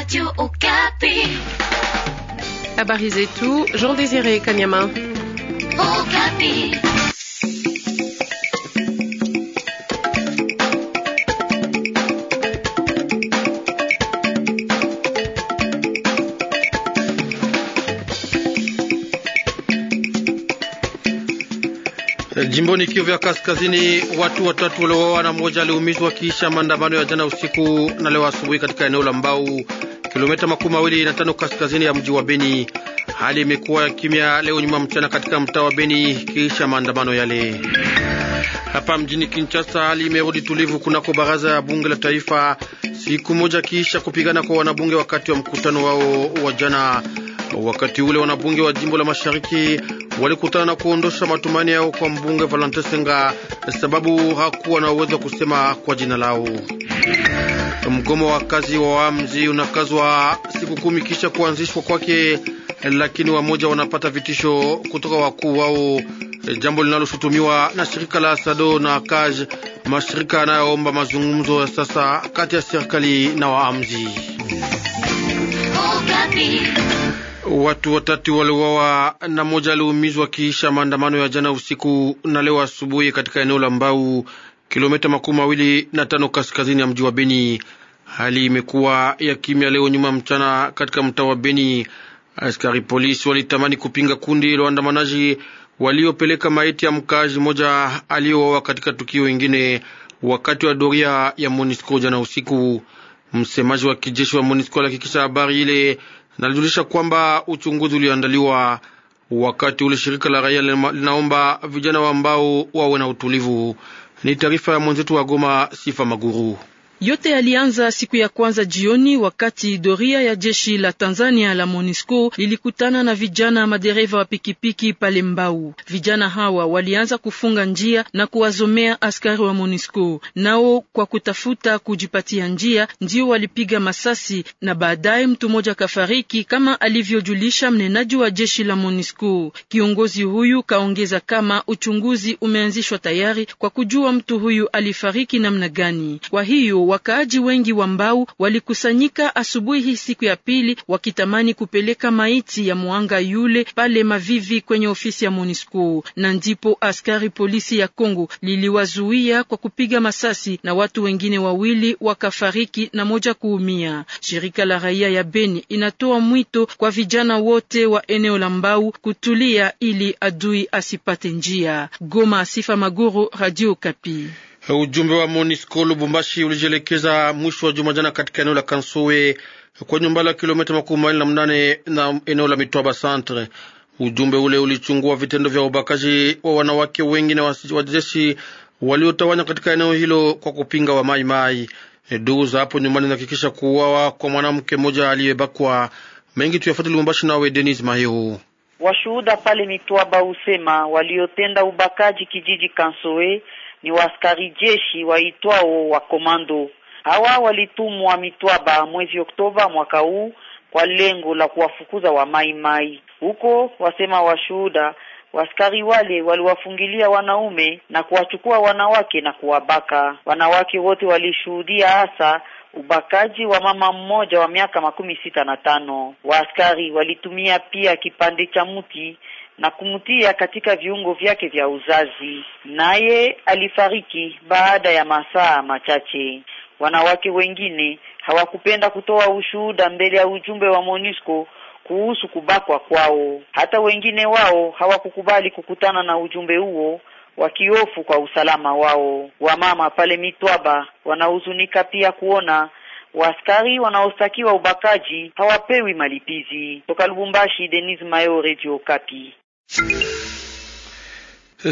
Radio Okapi. Habari tout, Jean Désiré Kanyama. Okapi. Eh, jimboni Kivu ya Kaskazini, watu watatu waliowawa na mmoja aliumizwa kiisha maandamano ya jana usiku na leo asubuhi katika eneo la Mbau, kilomita makumi mawili na tano kaskazini ya mji wa Beni. Hali imekuwa ya kimya leo nyuma mchana katika mtaa wa Beni kiisha maandamano yale. Hapa mjini Kinshasa, hali imerudi tulivu kunako baraza ya bunge la taifa, siku moja kiisha kupigana kwa wanabunge wakati wa mkutano wao wa jana. Wakati ule wanabunge wa jimbo la mashariki walikutana na kuondosha matumaini yao kwa mbunge Valentin Senga sababu hakuwa na uwezo kusema kwa jina lao. Mgomo wa kazi wa wamzi unakazwa siku kumi kisha kuanzishwa kwake, lakini wamoja wanapata vitisho kutoka wakuu wao, jambo linaloshutumiwa na shirika la Sado na Kaj, mashirika yanayoomba mazungumzo ya sasa kati ya serikali na waamzi. Oh, Watu watatu waliuawa na moja aliumizwa kiisha maandamano ya jana usiku na leo asubuhi katika eneo la Mbau, kilomita makumi mawili na tano kaskazini ya mji wa Beni. Hali imekuwa ya kimya leo nyuma mchana katika mtaa wa Beni. Askari polisi walitamani kupinga kundi la waandamanaji waliopeleka maiti ya mkaaji mmoja aliyowawa katika tukio ingine wakati wa doria ya MONUSCO jana usiku. Msemaji wa kijeshi wa MONUSCO alihakikisha habari ile nalijulisha kwamba uchunguzi ulioandaliwa wakati ule shirika la raia linaomba vijana wa mbao wawe na utulivu. Ni taarifa ya mwenzetu wa Goma, Sifa Maguru. Yote yalianza siku ya kwanza jioni wakati doria ya jeshi la Tanzania la MONUSCO lilikutana na vijana madereva wa pikipiki pale Mbau. Vijana hawa walianza kufunga njia na kuwazomea askari wa MONUSCO, nao kwa kutafuta kujipatia njia ndio walipiga masasi na baadaye mtu mmoja kafariki, kama alivyojulisha mnenaji wa jeshi la MONUSCO. Kiongozi huyu kaongeza kama uchunguzi umeanzishwa tayari kwa kujua mtu huyu alifariki namna gani. Kwa hiyo wakaaji wengi wa Mbau walikusanyika asubuhi hii siku ya pili wakitamani kupeleka maiti ya mwanga yule pale Mavivi kwenye ofisi ya MONUSCO, na ndipo askari polisi ya Kongo liliwazuia kwa kupiga masasi na watu wengine wawili wakafariki na moja kuumia. Shirika la raia ya Beni inatoa mwito kwa vijana wote wa eneo la Mbau kutulia ili adui asipate njia. Goma, Sifa Maguru, Radio Kapi. Ujumbe wa MONUSCO Lubumbashi ulijielekeza mwisho wa juma jana katika eneo la Kansowe kwenye umbali wa kilomita makumi mawili na mnane na eneo la Mitwaba Centre. Ujumbe ule ulichungua vitendo vya ubakaji wa wanawake wengi na wajeshi waliotawanya katika eneo hilo kwa kupinga wa mai mai. Ndugu za hapo nyumbani zinahakikisha kuuawa kwa mwanamke mmoja aliyebakwa. Mengi tuyafuate Lubumbashi, nawe Denis Mahiu. Washuhuda pale Mitwaba husema waliotenda ubakaji kijiji Kansowe ni waaskari jeshi waitwao wa komando. Hawa walitumwa Mitwaba mwezi Oktoba mwaka huu kwa lengo la kuwafukuza wa mai mai huko, wasema washuhuda. Waskari wale waliwafungilia wanaume na kuwachukua wanawake na kuwabaka. Wanawake wote walishuhudia hasa ubakaji wa mama mmoja wa miaka makumi sita na tano. waskari walitumia pia kipande cha mti na kumtia katika viungo vyake vya uzazi, naye alifariki baada ya masaa machache. Wanawake wengine hawakupenda kutoa ushuhuda mbele ya ujumbe wa Monisco kuhusu kubakwa kwao. Hata wengine wao hawakukubali kukutana na ujumbe huo wakiofu kwa usalama wao. Wamama pale Mitwaba wanahuzunika pia kuona waskari wanaostakiwa ubakaji hawapewi malipizi. Toka Lubumbashi, Denise Mayo, Radio Kapi.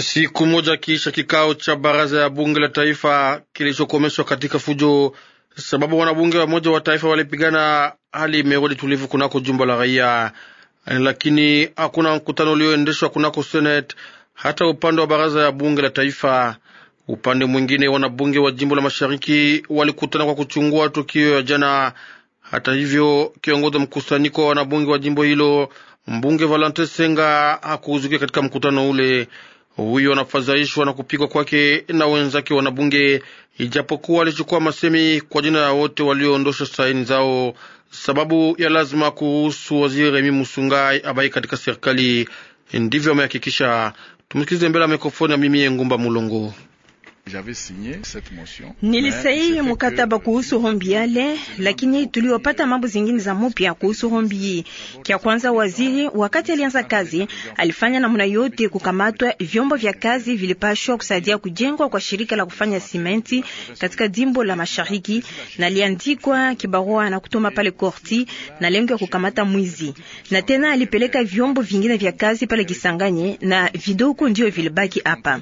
Siku moja kisha kikao cha baraza ya bunge la taifa kilichokomeshwa katika fujo, sababu wanabunge wamoja wa taifa walipigana, hali imerudi tulivu kunako jumba la raia, lakini hakuna mkutano ulioendeshwa kunako senate hata upande wa baraza ya bunge la taifa. Upande mwingine, wanabunge wa jimbo la mashariki walikutana kwa kuchungua tukio ya jana. Hata hivyo, kiongozi mkusanyiko wa wanabunge wa jimbo hilo Mbunge Valentin Senga hakuhudhuria katika mkutano ule. Huyo anafadhaishwa na kupigwa kwake na wenzake wanabunge, ijapokuwa alichukua masemi kwa jina ya wote walioondosha saini zao, sababu ya lazima kuhusu waziri Remi Musungai abaki katika serikali. Ndivyo amehakikisha. Tumsikilize mbele ya mikrofoni ya mimi ngumba Mulongo. Nilisaini mkataba kuhusu hombi yale, lakini tuliopata mambo zingine za mupya kuhusu hombi hii. Kia kwanza, waziri wakati alianza kazi alifanya namna yote kukamatwa. Vyombo vya kazi vilipashwa kusaidia kujengwa kwa shirika la kufanya simenti katika jimbo la Mashariki, na liandikwa kibarua na kutuma pale korti na lengo ya kukamata mwizi, na tena alipeleka vyombo vingine vya kazi pale Kisangani na vidogo ndio vilibaki hapa.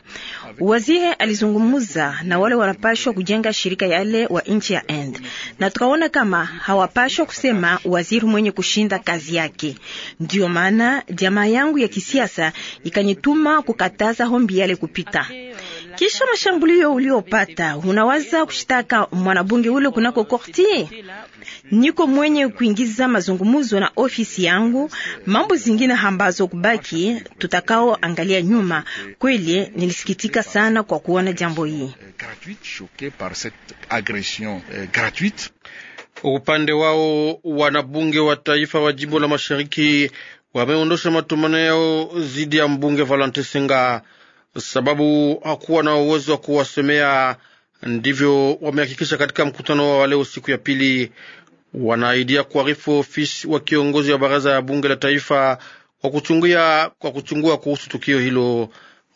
Waziri alizungumza tunazungumuza na wale wanapashwa kujenga shirika yale wa nchi ya End, na tukaona kama hawapashwa kusema waziri mwenye kushinda kazi yake. Ndio maana jamaa yangu ya kisiasa ikanituma kukataza hombi yale kupita kisha mashambulio uliopata, unawaza kushtaka mwanabunge ule kunako korti. Niko mwenye kuingiza mazungumzo na ofisi yangu, mambo zingine ambazo kubaki tutakao angalia nyuma. Kweli nilisikitika sana kwa kuona jambo hii. Euh, Upande wao wanabunge wa taifa wa jimbo la mashariki wameondosha matumano yao dhidi ya mbunge Valente Senga sababu hakuwa na uwezo wa kuwasemea. Ndivyo wamehakikisha katika mkutano wa leo siku ya pili. Wanaaidia kuarifu ofisi wa kiongozi wa baraza ya bunge la taifa kwa kuchunguza kwa kuchungua kuhusu tukio hilo.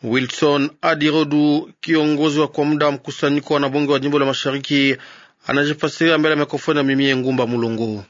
Wilson Adirodu, kiongozi wa kwa muda wa mkusanyiko wa wanabunge wa jimbo la Mashariki, anajifasiria mbele ya mikrofoni ya Mimie Ngumba Mulungu.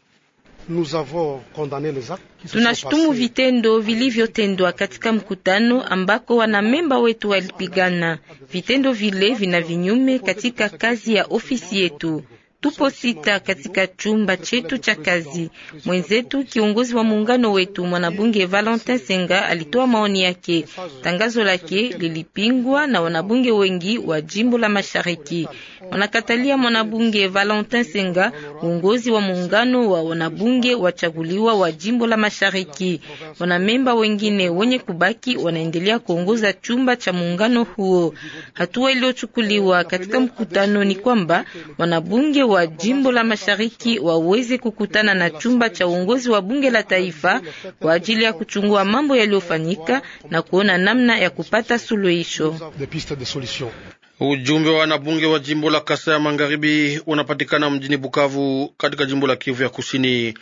Tunashutumu vitendo vilivyotendwa katika mkutano ambako wanamemba wetu walipigana. Vitendo vile vina vinyume katika kazi ya ofisi yetu tupo sita katika chumba chetu cha kazi. Mwenzetu kiongozi wa muungano wetu mwanabunge Valentin Senga alitoa maoni yake. Tangazo lake lilipingwa na wanabunge wengi wa jimbo la Mashariki. Wanakatalia mwanabunge Valentin Senga uongozi wa muungano wa wanabunge wachaguliwa wa jimbo la Mashariki. Wanamemba wengine wenye kubaki wanaendelea kuongoza chumba cha muungano huo. Hatua iliyochukuliwa katika mkutano ni kwamba wanabunge wa jimbo la mashariki waweze kukutana na chumba cha uongozi wa bunge la taifa kwa ajili ya kuchungua mambo yaliyofanyika na kuona namna ya kupata suluhisho. Ujumbe wa wanabunge wa jimbo la Kasai ya magharibi unapatikana mjini Bukavu katika jimbo la Kivu ya kusini,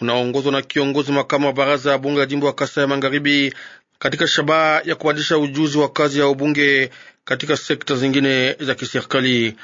unaongozwa na kiongozi makamu wa baraza ya bunge ya jimbo la Kasai ya magharibi katika shabaha ya kubadilisha ujuzi wa kazi ya ubunge katika sekta zingine za kiserikali.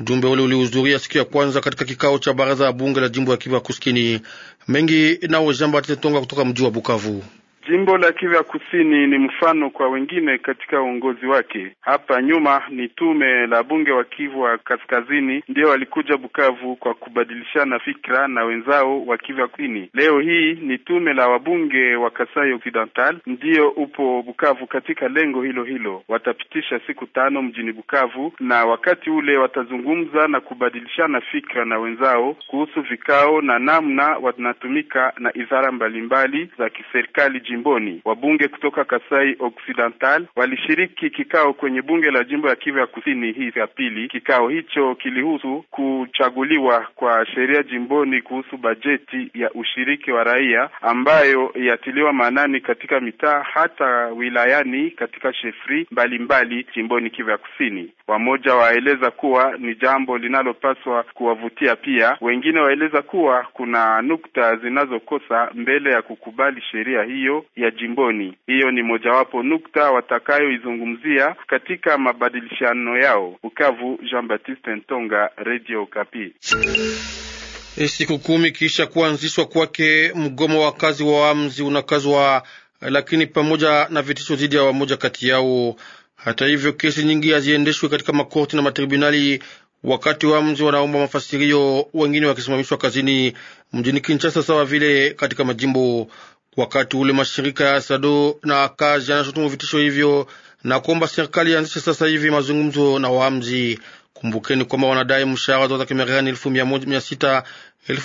Ujumbe ule ulihudhuria siku ya kwanza katika kikao cha baraza ya bunge la jimbo ya Kivu ya Kusini. Mengi nao Jean Baptiste Tonga kutoka mji wa Bukavu. Jimbo la Kivu Kusini ni mfano kwa wengine katika uongozi wake. Hapa nyuma ni tume la bunge wa Kivu wa Kaskazini ndio walikuja Bukavu kwa kubadilishana fikra na wenzao wa Kivu Kusini. Leo hii ni tume la wabunge wa Kasai Occidental ndio upo Bukavu katika lengo hilo hilo. Watapitisha siku tano mjini Bukavu, na wakati ule watazungumza na kubadilishana fikra na wenzao kuhusu vikao na namna wanatumika na idara mbalimbali za kiserikali jimboni. Wabunge kutoka Kasai Occidental walishiriki kikao kwenye bunge la jimbo ya Kivu ya Kusini hii ya pili. Kikao hicho kilihusu kuchaguliwa kwa sheria jimboni kuhusu bajeti ya ushiriki wa raia ambayo yatiliwa maanani katika mitaa hata wilayani katika shefri mbalimbali mbali jimboni Kivu ya Kusini. Wamoja waeleza kuwa ni jambo linalopaswa kuwavutia pia, wengine waeleza kuwa kuna nukta zinazokosa mbele ya kukubali sheria hiyo ya jimboni. Hiyo ni mojawapo nukta watakayoizungumzia katika mabadilishano yao. Bukavu, Jean Baptiste Ntonga, Radio Kapi. Siku kumi kisha kuanzishwa kwake, mgomo wa kazi wa wamzi unakazwa, lakini pamoja na vitisho dhidi ya wamoja kati yao. Hata hivyo, kesi nyingi haziendeshwi katika makorti na matribunali, wakati mzi wanaomba mafasirio, wengine wakisimamishwa kazini mjini Kinshasa sawa vile katika majimbo. Wakati ule mashirika ya Sado na kazi yanashutumu vitisho hivyo na kuomba serikali ianzishe sasa hivi mazungumzo na waamzi. Kumbukeni kwamba wanadai mshahara dola za Kimarekani elfu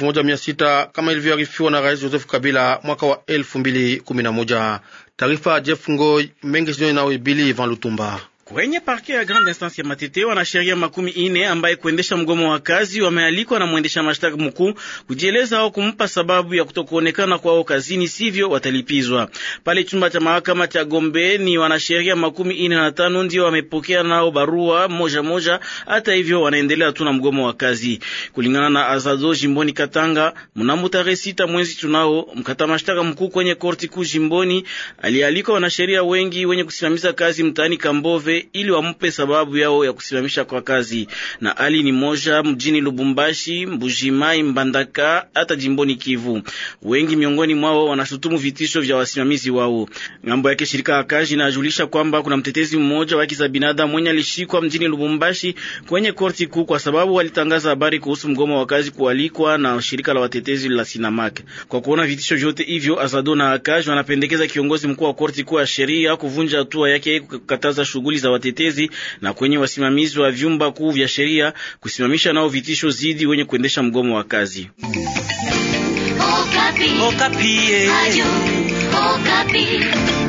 moja mia sita kama ilivyoarifiwa na Rais Joseph Kabila mwaka wa elfu mbili kumi na moja. Taarifa Jeff Ngoi mengi sinoni Van Lutumba. Kwenye parke ya Grande Instance ya Matete wanasheria makumi ine ambaye kuendesha mgomo wa kazi wamealikwa na mwendesha mashtaka mkuu kujieleza au kumpa sababu ya kutokuonekana kwao kazini, sivyo watalipizwa. Pale chumba cha mahakama cha Gombe ni wanasheria makumi ine na tano ndio wamepokea nao barua moja moja. Hata hivyo wanaendelea tu na mgomo wa kazi. Kulingana na Azado jimboni Katanga, mnamo tarehe sita mwezi tunao, mkata mashtaka mkuu kwenye korti kuu jimboni alialikwa wanasheria wengi wenye kusimamiza kazi mtaani Kambove ili wampe sababu yao ya kusimamisha kwa kazi. Na hali ni moja mjini Lubumbashi, Mbujimai, Mbandaka hata jimboni Kivu. Wengi miongoni mwao wanashutumu vitisho vya wasimamizi wao. Ngambo yake shirika la kazi inajulisha kwamba kuna mtetezi mmoja wa haki za binadamu mwenye alishikwa mjini Lubumbashi kwenye korti kuu kwa sababu alitangaza habari kuhusu mgomo wa kazi kualikwa na shirika la watetezi la Sinamak. Kwa kuona vitisho vyote hivyo, Azado na Akaji wanapendekeza kiongozi mkuu wa korti kuu ya sheria kuvunja hatua yake kukataza shughuli za watetezi na kwenye wasimamizi wa vyumba kuu vya sheria kusimamisha nao vitisho zidi wenye kuendesha mgomo wa kazi. Okapi. Okapi. Eh.